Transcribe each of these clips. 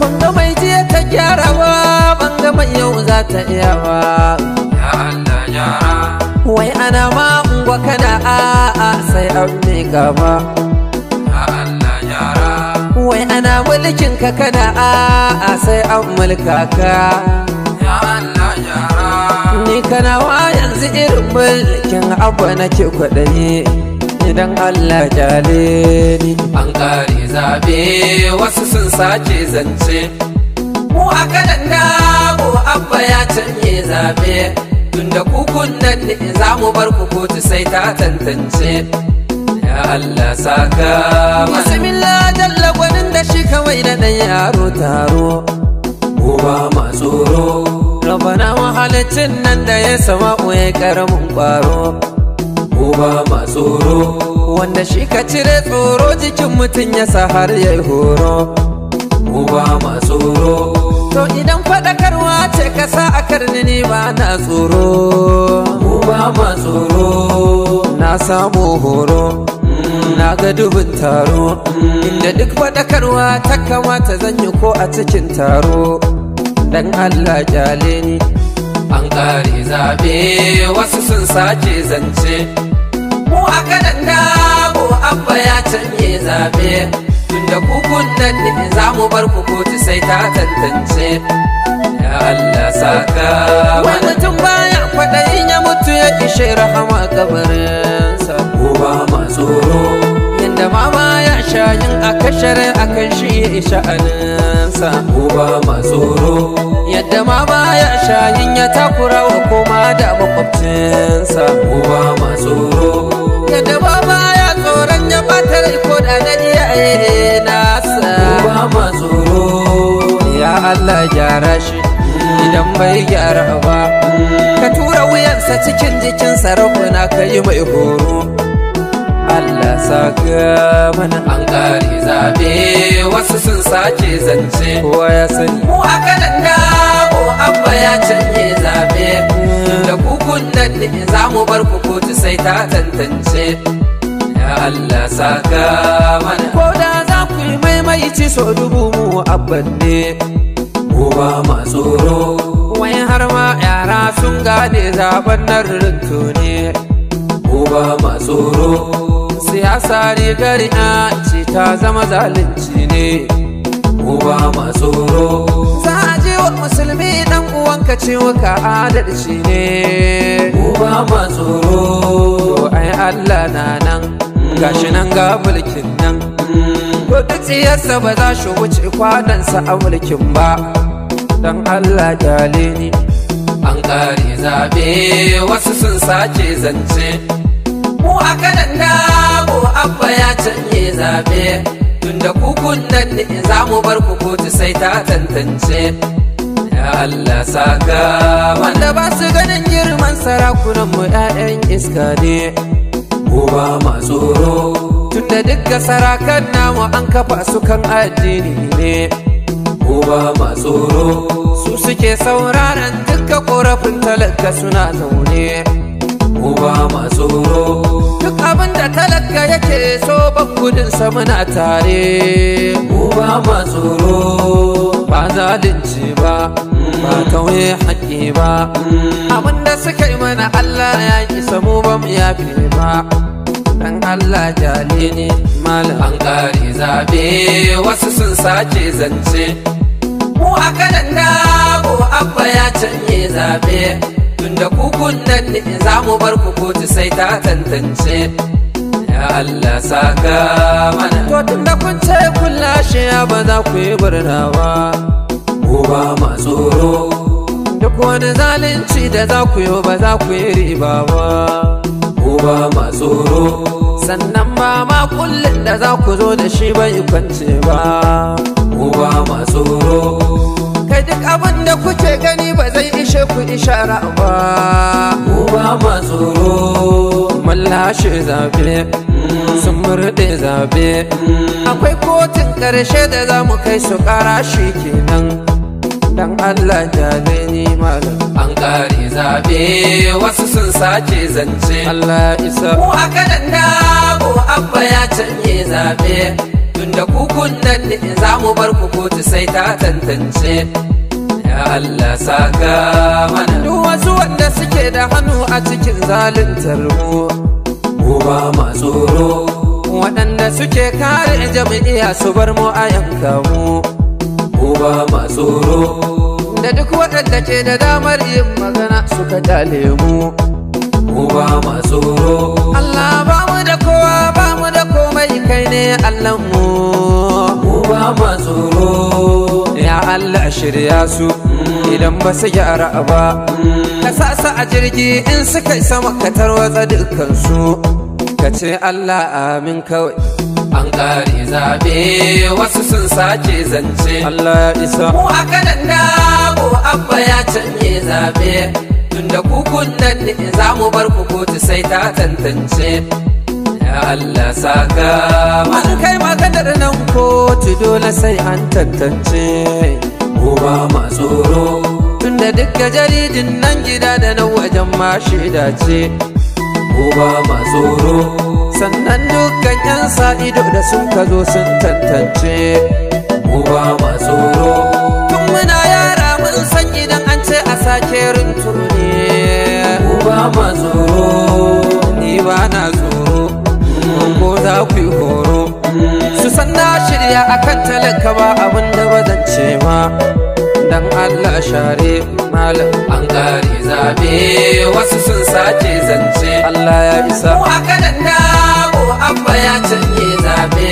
Banga mai jiya ta gyara ba, banga mai yau za ta iya ba. Ya Allah gyara. Wai ana ma ungwa kana a'a sai an miƙa ba. Ya Allah gyara. Wai ana mulkin ka kana a'a sai an mulka ka. Ya Allah gyara. Ni kana wa yanzu irin mulkin abu nake kwaɗaye. idan Allah jale ni an kare zabe wasu sun sace zance mu a kanan da ko abba ya canye zabe tunda kukun nan ne za mu bar ku kotu sai ta tantance ya Allah saka bismillah jalla gwanin da shi kawai da dan yaro taro uwa ba ma rabana mahalicin nan da ya sama uwe karamin kwaro ba ma tsoro wanda shi ka cire tsoro jikin mutum ya sa har ya yi horo mu ba ma tsoro to idan faɗakarwa ce ka sa a karni ba na tsoro mu ba ma tsoro na samu horo mm. na ga dubin taro mm. inda duk faɗakarwa ta kamata zan yi ko a cikin taro dan Allah kyale ni an ƙare zaɓe wasu sun sace zance zaɓe tunda ku kunnan ne za mu bar ku kotu sai ta tantance ya Allah saka wani tun baya kwaɗayin ya mutu ya ishe rahama kabarinsa ko ba ma tsoro inda ma ya shayin a kashare a kan shi ya isha aninsa ko ba ma tsoro yadda ma ya shayin ya takura wa koma da makwabcinsa ko ba ma tsoro yadda ba baya. tsoron ya bata rai ko da na iyaye nasa ba ma tsoro ya Allah gyara shi idan bai gyara ba ka tura wuyansa cikin jikin sarakuna ka yi mai horo Allah ga mana an kare zaɓe wasu sun sace zance kowa ya sani mu a da ko abba ya canje zabe mm. da kukun nan ne za mu bar ku kotu sai ta tantance Allah saka mana ko da za ku yi maimaici so dubu mu abanne ne ma tsoro wai har ma yara sun gane zaben nan rinto ne uwa ma tsoro siyasa gari a ce ta zama zalunci ne uwa ma tsoro za a je wa musulmi dan uwanka ciwo ka adalci ne mu ma tsoro ai Allah na nan gashi nan ga mulkin nan ko duk tsiyarsa ba za shi wuce kwanansa a mulkin ba don Allah dale ni an kare zaɓe wasu sun sace zance mu a kanan ko abba ya canye zaɓe tunda kukun nan ne za mu bar ku kotu sai ta tantance ya Allah saka wanda ba su ganin girman sarakunan mu 'ya'yan iska ne ko tsoro tunda dukkan sarakan namu an kafa su kan addini ne ko tsoro su suke sauraron duka korafin talaka suna zaune ko tsoro duk abin da talaka yake so ban gudun muna tare ko ba ma tsoro ba zalunci ba ba kawai haƙƙi ba abinda suka yi mana Allah ya isa mu ba mu yafe ba dan Allah jale ne malam an kare zabe wasu sun sace zance mu a kanan ko abba ya canye zabe da kukun nan ne za mu bar ku kotu sai ta tantance ya Allah saka mana to da kun ce kun lashe ba za ku yi ba. mu tsoro duk wani zalunci da za ku yi ba za ku yi riba ba mu ba ma tsoro sannan ba ma kullum da za ku zo da shi bai kwance ba mu tsoro kai duk abin da kuke gani ba zai ishe ku ishara ba mu ma tsoro Mallashe zabe mm. sun murɗe zabe mm. akwai kotun ƙarshe da za mu kai su ƙara shi kenan dan Allah jale ni malam an kare zabe wasu sun sace zance Allah isa mu aka danda ko abba ya canje zabe tunda kukun nan ne za mu bar ku kotu sai ta tantance ya Allah saka mana duk wasu wanda suke da hannu a cikin zaluntar mu mu ba ma tsoro waɗanda suke kare jami'a su bar mu a yanka mu ko ba ma tsoro da duk waɗanda ke da damar yin magana suka dale mu mu ba ma tsoro Allah ba mu da kowa ba mu da komai kai ne Allah mu mu ba ma tsoro ya Allah shirya su idan ba su gyara ba mm. ka sa su a jirgi in suka isa makatar watsa dukkansu ka Allah amin kawai an ƙare zabe wasu sun sace zance Allah ya isa mu a danna ko abba ya canye zaɓe tunda ku kunnan ne za mu bar ku kotu sai ta tantance ya Allah saka an kai maganar nan kotu dole sai an tantance Ko ba ma tsoro tunda duk jaridin nan gida da nan wajen ma shida ce uba mazoro sannan dukkan yan sa'ido da sun ka zo sun tantance uba mazoro tun muna yara mun san idan an ce a sake rintu kanan namu abba ya canye zabe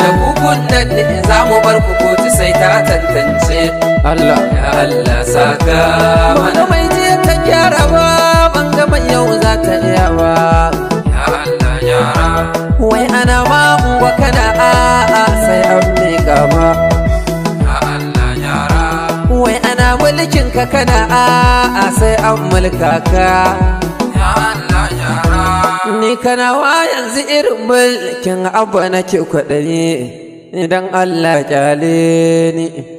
da kukun nan ne za mu bar ku kotu sai ta tantance Allah ya Allah saka mana mai je ta gyara ba ban ga mai yau za ta iya ba ya Allah ya wai ana ma wa kana a a sai an ne gaba wai ana mulkin ka kana a a sai an mulka ka ya Allah ni kanawa yanzu irin mulkin abu nake kwaɗayi idan Allah a ni.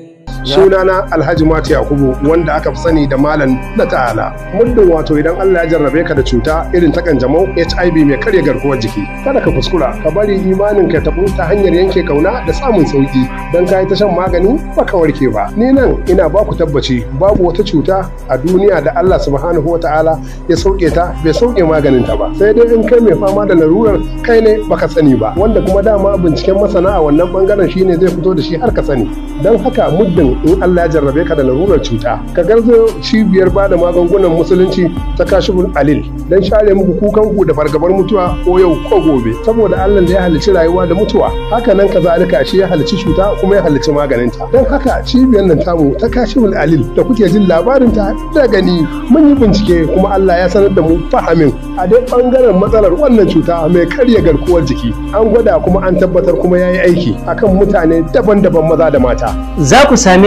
sunana alhaji mati yakubu wanda aka fi sani da malam na ta'ala muddin wato idan allah ya jarrabe ka da cuta irin ta kanjamau hiv mai karya garkuwar jiki kada ka kuskura ka bari imanin ka tabu ta hanyar yanke kauna da samun sauki don ka yi ta shan magani ba ka warke ba ni nan ina ba ku tabbaci babu wata cuta a duniya da allah subhanahu wa ta'ala ya sauke ta bai sauke maganin ta ba sai dai in kai mai fama da larurar kai ne baka sani ba wanda kuma dama binciken masana a wannan bangaren shine zai fito da shi har ka sani don haka muddin in Allah ya jarrabe ka da larurar cuta ka garzo cibiyar ba da magungunan musulunci ta kashibul alil don share muku kukan ku da fargabar mutuwa ko yau ko gobe saboda Allah da ya halicci rayuwa da mutuwa haka nan ka zalika shi ya halicci cuta kuma ya maganin ta dan haka cibiyar nan tamu ta kashibul alil da kuke jin labarin ta da gani mun yi bincike kuma Allah ya sanar da mu fahamin a dai bangaren matsalar wannan cuta mai karya garkuwar jiki an gwada kuma an tabbatar kuma ya yi aiki akan mutane daban-daban maza da mata za ku sami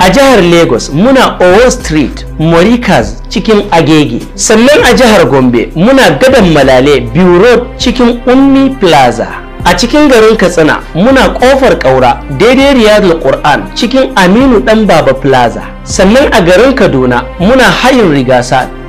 a jihar lagos muna owo street morikas cikin agege sannan a jihar gombe muna gadon malale biyu road cikin ummi plaza a cikin garin katsina muna kofar kaura daidai riyadul qur'an cikin aminu dan baba plaza sannan a garin kaduna muna hayin rigasa